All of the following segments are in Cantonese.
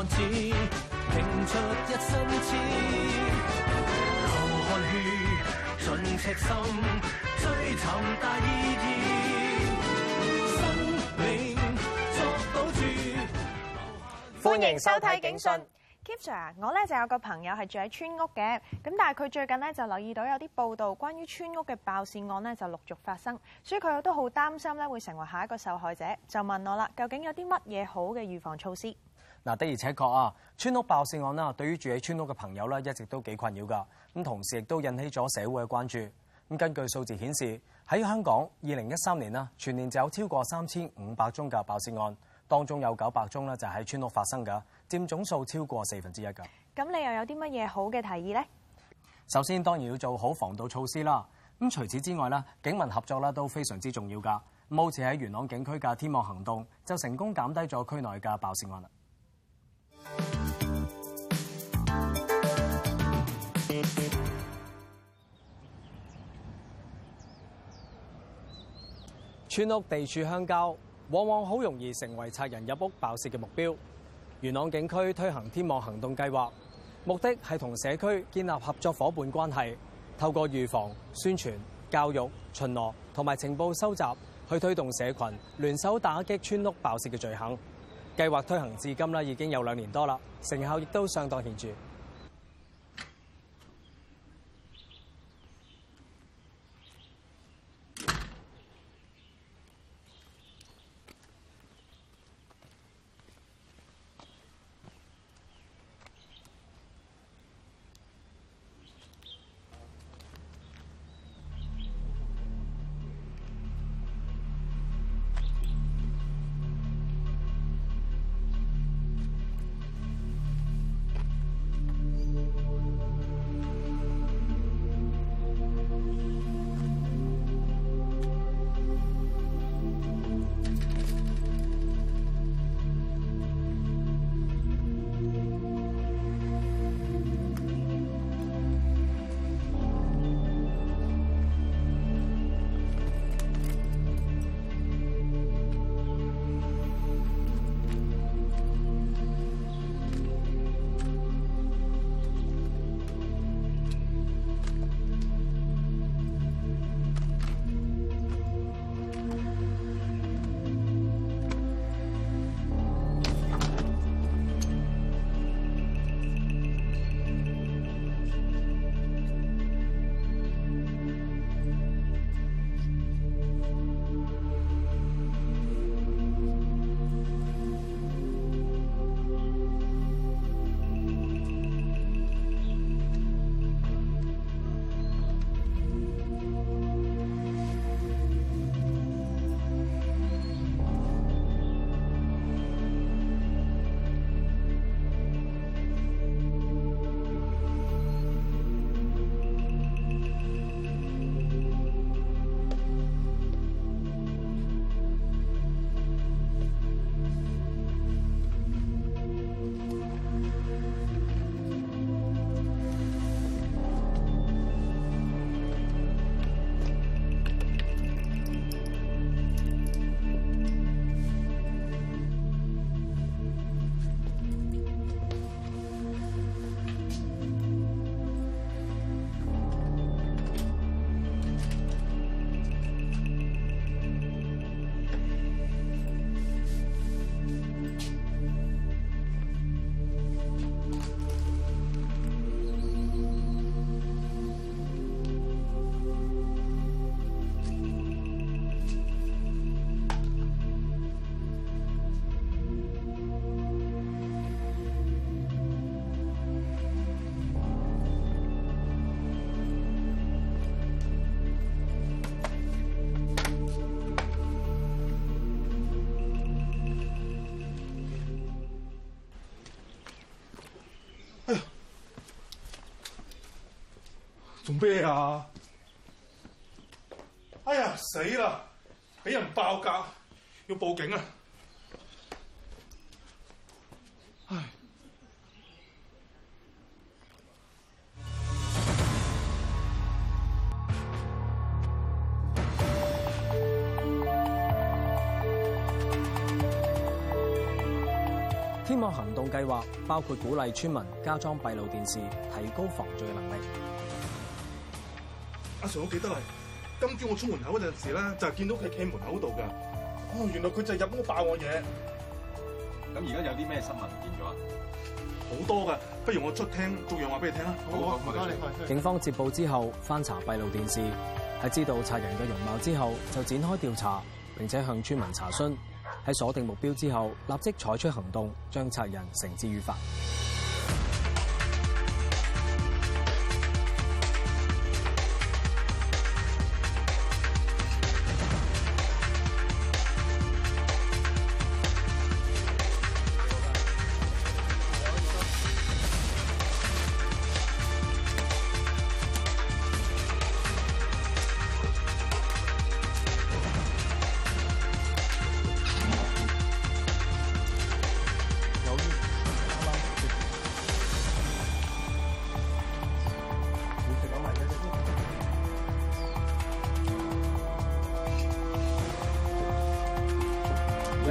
平出一身似流汗血，盡赤心，追尋大意義生命捉到住，歡迎收睇《警訊》。K Sir 我咧就有個朋友係住喺村屋嘅，咁但係佢最近呢就留意到有啲報道關於村屋嘅爆竊案呢就陸續發生，所以佢都好擔心咧會成為下一個受害者，就問我啦，究竟有啲乜嘢好嘅預防措施？嗱，的而且確啊，村屋爆竊案啦，對於住喺村屋嘅朋友咧，一直都幾困擾噶。咁同時亦都引起咗社會嘅關注。咁根據數字顯示，喺香港二零一三年啦，全年就有超過三千五百宗嘅爆竊案，當中有九百宗咧就喺村屋發生㗎，佔總數超過四分之一㗎。咁你又有啲乜嘢好嘅提議呢？首先當然要做好防盜措施啦。咁除此之外咧，警民合作咧都非常之重要㗎。目前喺元朗警區嘅天網行動就成功減低咗區內嘅爆竊案啦。村屋地處鄉郊，往往好容易成為賊人入屋爆竊嘅目標。元朗警區推行天網行動計劃，目的係同社區建立合作伙伴關係，透過預防、宣傳、教育、巡邏同埋情報收集，去推動社群聯手打擊村屋爆竊嘅罪行。計劃推行至今呢，已經有兩年多啦，成效亦都相當顯著。咩啊！哎呀，死啦！俾人爆格，要報警啊！唉！天網行動計劃包括鼓勵村民加裝閉路電視，提高防罪嘅能力。阿 Sir 我記得係，今朝我出門口嗰陣時咧，就係見到佢企門口度噶。哦，原來佢就係入屋爆我嘢。咁而家有啲咩新聞唔見咗？好多噶，不如我出廳逐樣話俾你聽啦。好，唔該你。警方接報之後，翻查閉路電視，係知道賊人嘅容貌之後，就展開調查，並且向村民查詢。喺鎖定目標之後，立即採取行動，將賊人繩之於法。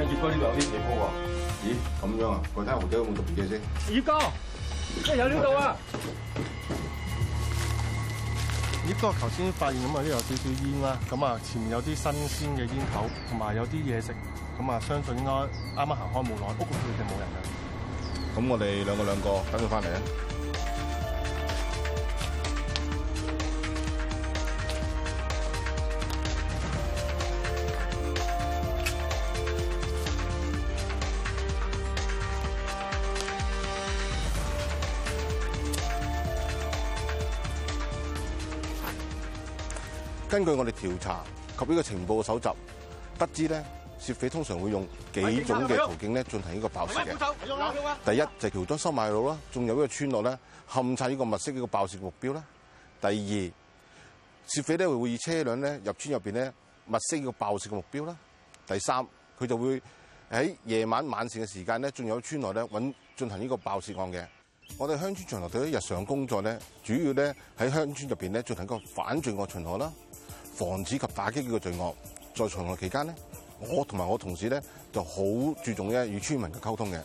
葉哥，呢度有啲地坡喎。咦，咁樣啊？我睇下何仔有冇動靜先。葉哥，即係有料到啊！葉哥頭先發現咁啊，呢度有少少煙啦，咁啊前面有啲新鮮嘅煙頭，同埋有啲嘢食，咁啊相信應該啱啱行開冇耐，屋企一定冇人啦。咁我哋兩個兩個等佢翻嚟啊！根據我哋調查及呢個情報嘅蒐集，得知咧竊匪通常會用幾種嘅途徑咧進行呢個爆竊嘅。第一就係橋墩收買路啦，仲有呢個村落咧勘察呢個物色呢個爆竊目標啦。第二竊匪咧會以車輛咧入村入面咧物色呢個爆竊嘅目標啦。第三佢就會喺夜晚晚膳嘅時間咧，仲有村落咧搵進行呢個爆竊案嘅。我哋鄉村巡邏隊嘅日常工作咧，主要咧喺鄉村入面咧進行一個反罪惡巡邏啦。防止及打擊呢個罪惡，在巡邏期間咧，我同埋我同事咧就好注重咧與村民嘅溝通嘅，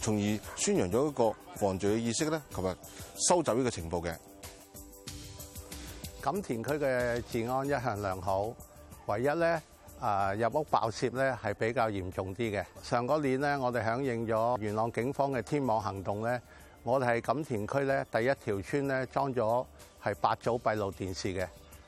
從而宣揚咗一個防罪嘅意識咧，同埋收集呢個情報嘅。錦田區嘅治安一向良好，唯一咧啊入屋爆竊咧係比較嚴重啲嘅。上嗰年咧，我哋響應咗元朗警方嘅天網行動咧，我哋係錦田區咧第一條村咧裝咗係八組閉路電視嘅。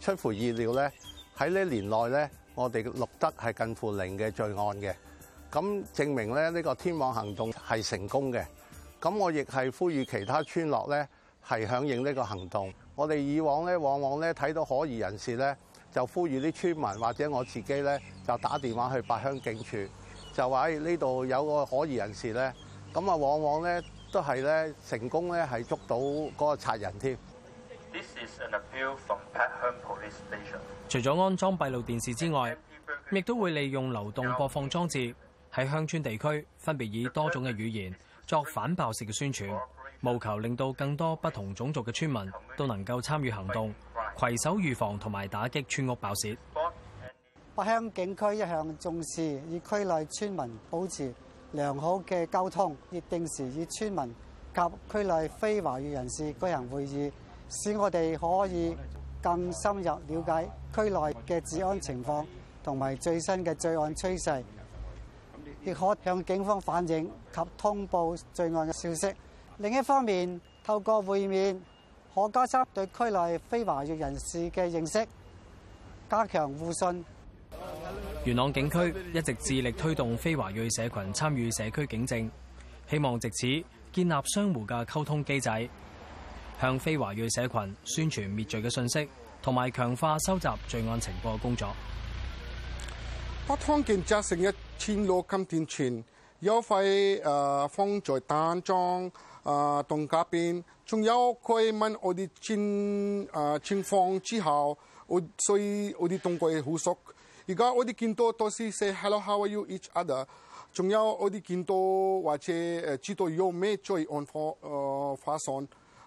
出乎意料咧，喺呢年內咧，我哋錄得係近乎零嘅罪案嘅，咁證明咧呢個天網行動係成功嘅。咁我亦係呼籲其他村落咧，係響應呢個行動。我哋以往咧，往往咧睇到可疑人士咧，就呼籲啲村民或者我自己咧，就打電話去八鄉警署，就話喺呢度有個可疑人士咧。咁啊，往往咧都係咧成功咧係捉到嗰個賊人添。除咗安裝閉路電視之外，亦都會利用流動播放裝置，喺鄉村地區分別以多種嘅語言作反爆竊嘅宣傳，務求令到更多不同種族嘅村民都能夠參與行動，攜手預防同埋打擊村屋爆竊。北鄉警區一向重視與區內村民保持良好嘅溝通，亦定時與村民及區內非華語人士舉行會議，使我哋可以更深入了解區內嘅治安情況同埋最新嘅罪案趨勢，亦可向警方反映及通報罪案嘅消息。另一方面，透過會面，可加深對區內非華裔人士嘅認識，加強互信。元朗警區一直致力推動非華裔社群參與社區警政，希望藉此建立雙方嘅溝通機制。向非華裔社群宣傳滅罪嘅信息，同埋強化收集罪案情報嘅工作。北方建設成一千座金電泉，有喺誒在丹莊誒同邊，仲、啊、有嗰啲我哋村誒之後，所以我哋同佢哋合作。而家我哋見到多時 say hello how are you each other，仲有我哋見到或者知道有咩罪案發生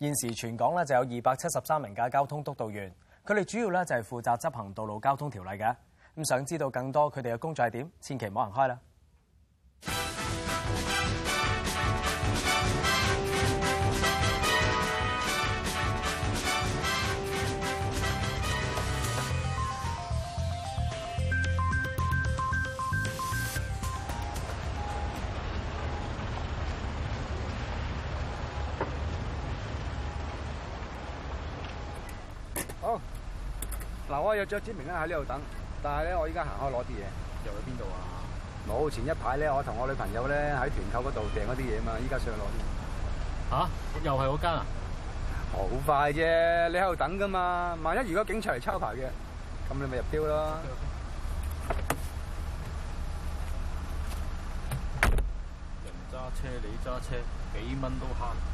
現時全港呢就有二百七十三名嘅交通督導員，佢哋主要呢就係負責執行道路交通條例嘅。咁想知道更多佢哋嘅工作係點？千祈唔好行開啦！有卓子明咧喺呢度等，但係咧我依家行開攞啲嘢，又去邊度啊？冇，前一排咧我同我女朋友咧喺團購嗰度訂咗啲嘢嘛，依家上去攞添。嚇、啊？又係嗰間啊？好快啫，你喺度等噶嘛？萬一如果警察嚟抄牌嘅，咁你咪入錶啦。錶 OK、人揸車，你揸車，幾蚊都慳。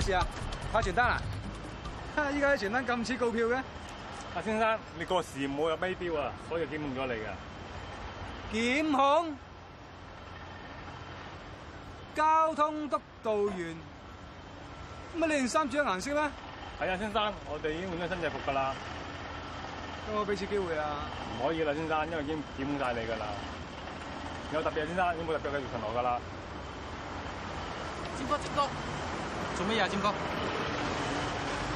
事啊，派傳單啊！依家啲傳單咁似告票嘅。阿先生，你過時冇有卑調啊？所以檢控咗你噶。檢控？交通督導員？乜你件衫着咩顏色咧？係啊，先生，我哋已經換咗新制服噶啦。可唔可以俾次機會啊？唔可以啦，先生，因為已經檢控晒你噶啦。有特別啊，先生，已經有冇特別嘅要求我噶啦？直過，直過。做咩呀，尖哥？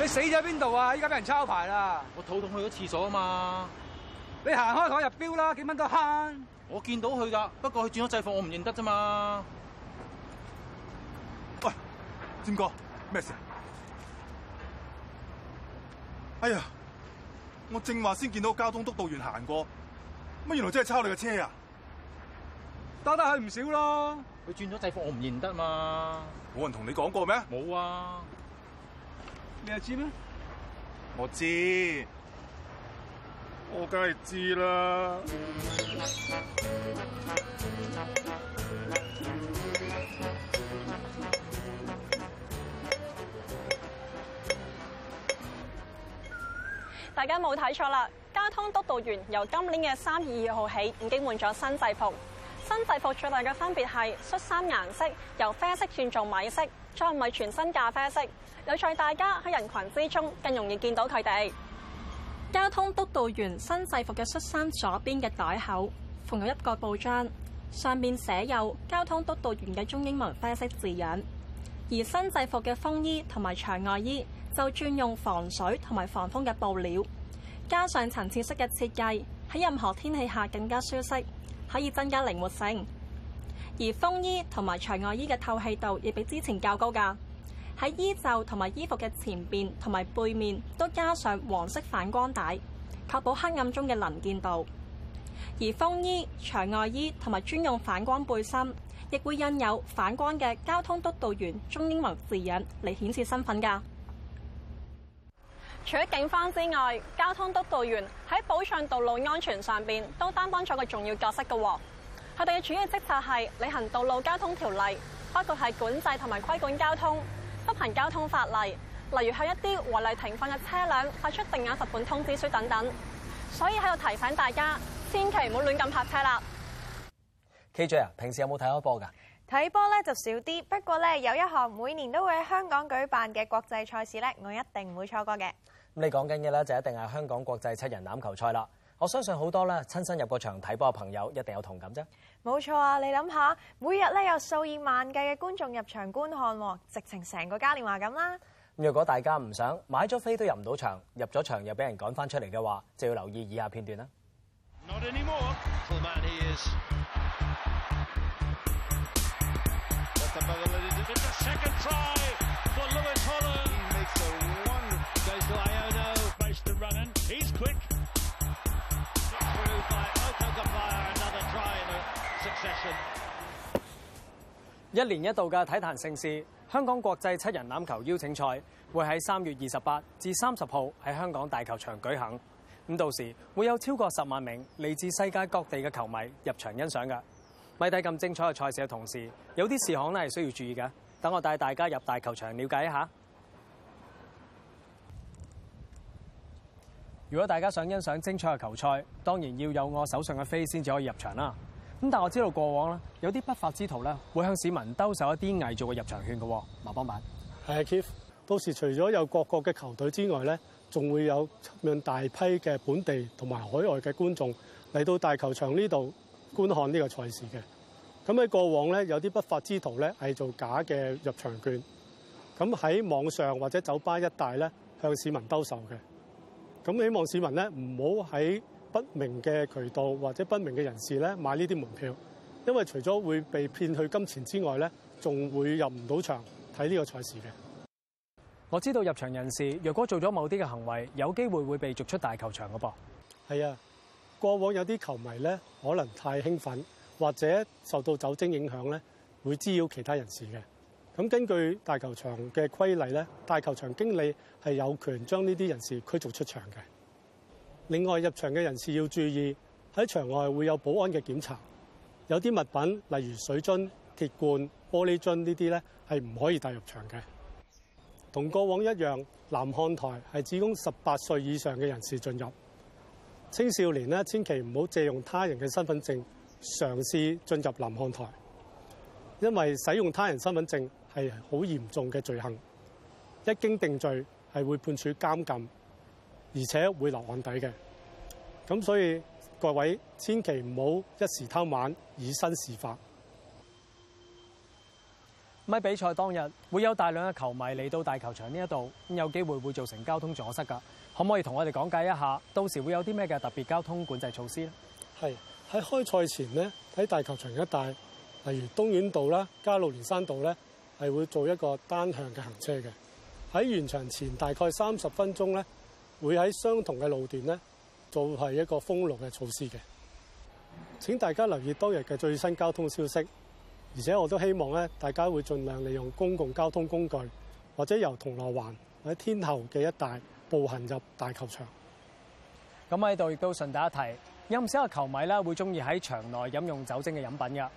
你死咗邊度啊？依家俾人抄牌啦！我肚痛去咗廁所啊嘛！你行開台入錶啦，幾蚊都慳。我見到佢噶，不過佢轉咗制服，我唔認得咋嘛？喂，尖哥，咩事？啊？哎呀，我正話先見到交通督導員行過，乜原來真係抄你嘅車啊！多得佢唔少咯。佢轉咗制服，我唔認得嘛。冇人同你講過咩？冇啊。你又知咩？我知。我梗係知啦。大家冇睇錯啦！交通督導員由今年嘅三月二號起，已經換咗新制服。新制服最大嘅分別係恤衫顏色由啡色轉做米色，再唔係全身咖啡色，有助大家喺人群之中更容易見到佢哋。交通督導員新制服嘅恤衫左邊嘅袋口縫有一個布章，上面寫有交通督導員嘅中英文啡色字樣。而新制服嘅風衣同埋長外衣就專用防水同埋防風嘅布料，加上層次式嘅設計，喺任何天氣下更加舒適。可以增加靈活性，而風衣同埋長外衣嘅透氣度亦比之前較高㗎。喺衣袖同埋衣服嘅前面同埋背面都加上黃色反光帶，確保黑暗中嘅能見度。而風衣、長外衣同埋專用反光背心亦會印有反光嘅交通督導員中英文字樣嚟顯示身份㗎。除咗警方之外，交通督導員喺保障道路安全上邊都擔當咗個重要角色㗎。佢哋嘅主要職責係履行道路交通條例，包括係管制同埋規管交通，執行交通法例，例如向一啲違例停放嘅車輛發出定額罰款通知書等等。所以喺度提醒大家，千祈唔好亂咁泊車啦。K J 啊，平時有冇睇開波㗎？睇波咧就少啲，不過咧有一項每年都會喺香港舉辦嘅國際賽事咧，我一定唔會錯過嘅。咁你講緊嘅咧就一定係香港國際七人欖球賽啦！我相信好多咧親身入過場睇波嘅朋友一定有同感啫。冇錯啊！你諗下，每日咧有數以萬計嘅觀眾入場觀看，直情成個嘉年華咁啦。咁若果大家唔想買咗飛都入唔到場，入咗場又俾人趕翻出嚟嘅話，就要留意以下片段啦。一年一度嘅體壇盛事——香港國際七人欖球邀請賽，會喺三月二十八至三十號喺香港大球場舉行。咁到時會有超過十萬名嚟自世界各地嘅球迷入場欣賞嘅。咪睇咁精彩嘅賽事嘅同時，有啲事項呢係需要注意嘅。等我帶大家入大球場了解一下。如果大家想欣賞精彩嘅球賽，當然要有我手上嘅飛先至可以入場啦。咁但我知道過往咧有啲不法之徒咧會向市民兜售一啲偽造嘅入場券嘅。馬幫辦係啊 k i e 到時除咗有各國嘅球隊之外咧，仲會有咁大批嘅本地同埋海外嘅觀眾嚟到大球場呢度觀看呢個賽事嘅。咁喺過往咧，有啲不法之徒咧係做假嘅入場券，咁喺網上或者酒吧一帶咧向市民兜售嘅。咁希望市民咧唔好喺不明嘅渠道或者不明嘅人士咧買呢啲門票，因為除咗會被騙去金錢之外咧，仲會入唔到場睇呢個賽事嘅。我知道入場人士若果做咗某啲嘅行為，有機會會被逐出大球場嘅噃。係啊，過往有啲球迷咧可能太興奮，或者受到酒精影響咧，會滋擾其他人士嘅。咁根據大球場嘅規例咧，大球場經理係有權將呢啲人士驅逐出場嘅。另外入場嘅人士要注意，喺場外會有保安嘅檢查，有啲物品例如水樽、鐵罐、玻璃樽呢啲咧係唔可以帶入場嘅。同過往一樣，南漢台係只供十八歲以上嘅人士進入。青少年呢千祈唔好借用他人嘅身份證嘗試進入南漢台，因為使用他人身份證，係好嚴重嘅罪行，一經定罪係會判處監禁，而且會留案底嘅。咁所以各位千祈唔好一時貪玩，以身試法。喺比賽當日會有大量嘅球迷嚟到大球場呢一度，咁有機會會造成交通阻塞㗎。可唔可以同我哋講解一下，到時會有啲咩嘅特別交通管制措施咧？係喺開賽前呢，喺大球場一帶，例如東院道啦、加路連山道咧。係會做一個單向嘅行車嘅。喺完場前大概三十分鐘呢，會喺相同嘅路段呢做係一個封路嘅措施嘅。請大家留意多日嘅最新交通消息，而且我都希望咧大家會盡量利用公共交通工具，或者由銅鑼灣或者天后嘅一帶步行入大球場，嗯。咁喺度亦都順帶一提，有唔少嘅球迷啦會中意喺場內飲用酒精嘅飲品噶。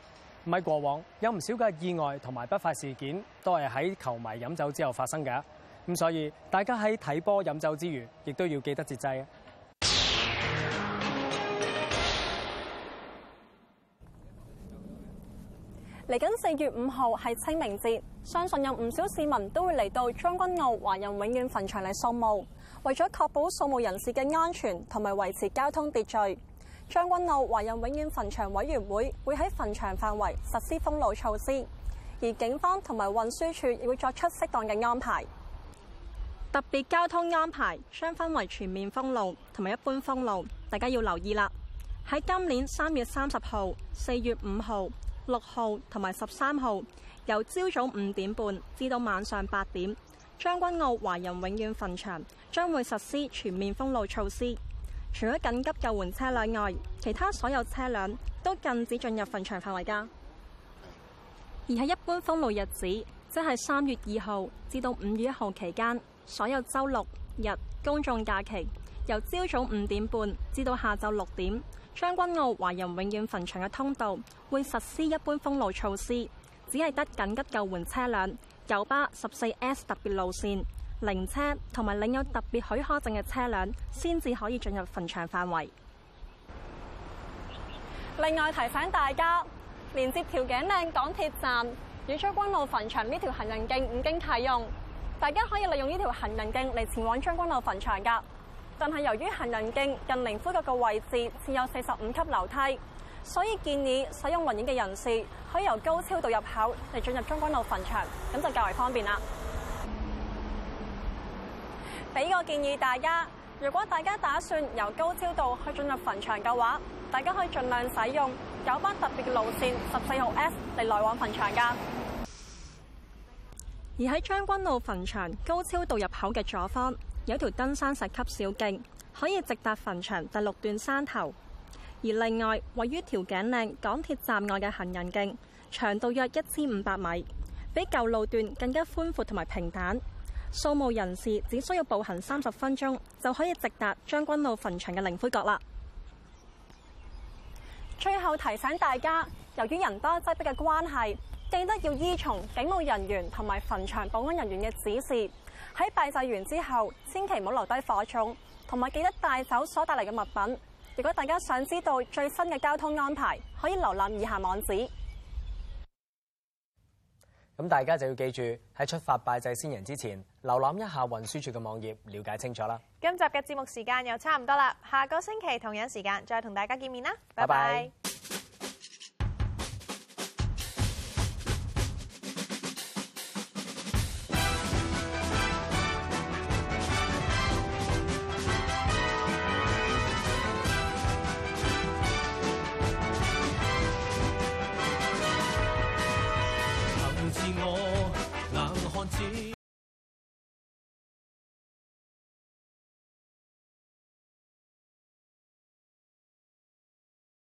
喺過往，有唔少嘅意外同埋不法事件都係喺球迷飲酒之後發生嘅，咁所以大家喺睇波飲酒之餘，亦都要記得節制啊！嚟緊四月五號係清明節，相信有唔少市民都會嚟到將軍澳華人永遠墳場嚟掃墓。為咗確保掃墓人士嘅安全同埋維持交通秩序，將軍澳華人永遠墳場委員會會喺墳場範圍實施封路措施，而警方同埋運輸署亦會作出適當嘅安排。特別交通安排將分為全面封路同埋一般封路，大家要留意啦。喺今年三月三十號、四月五號、六號同埋十三號，由朝早五點半至到晚上八點，將軍澳華人永遠墳場將會實施全面封路措施。除咗緊急救援車輛外，其他所有車輛都禁止進入墳場範圍噶。而喺一般封路日子，即係三月二號至到五月一號期間，所有周六日公眾假期，由朝早五點半至到下晝六點，將軍澳華人永遠墳場嘅通道會實施一般封路措施，只係得緊急救援車輛、九巴十四 S 特別路線。靈車同埋領有特別許可證嘅車輛，先至可以進入墳場範圍。另外提醒大家，連接調景嶺港鐵站、與將軍澳墳場呢條行人徑已經啟用，大家可以利用呢條行人徑嚟前往將軍澳墳場噶。但係由於行人徑近靈灰角嘅位置設有四十五級樓梯，所以建議使用輪椅嘅人士可以由高超道入口嚟進入將軍澳墳場，咁就較為方便啦。俾我建議大家，如果大家打算由高超道去進入墳場嘅話，大家可以盡量使用九巴特別嘅路線十四號 S 嚟來來往墳場㗎。而喺將軍澳墳場高超道入口嘅左方，有條登山石級小徑，可以直達墳場第六段山頭。而另外，位於調景嶺港鐵站外嘅行人徑，長度約一千五百米，比舊路段更加寬闊同埋平坦。掃墓人士只需要步行三十分鐘就可以直達將軍澳墳場嘅靈灰閣啦。最後提醒大家，由於人多擠逼嘅關係，記得要依從警務人員同埋墳場保安人員嘅指示。喺拜祭完之後，千祈唔好留低火種，同埋記得帶走所帶嚟嘅物品。如果大家想知道最新嘅交通安排，可以瀏覽以下網址。咁大家就要記住，喺出發拜祭先人之前，瀏覽一下運輸署嘅網頁，了解清楚啦。今集嘅節目時間又差唔多啦，下個星期同樣時間再同大家見面啦，拜拜。拜拜。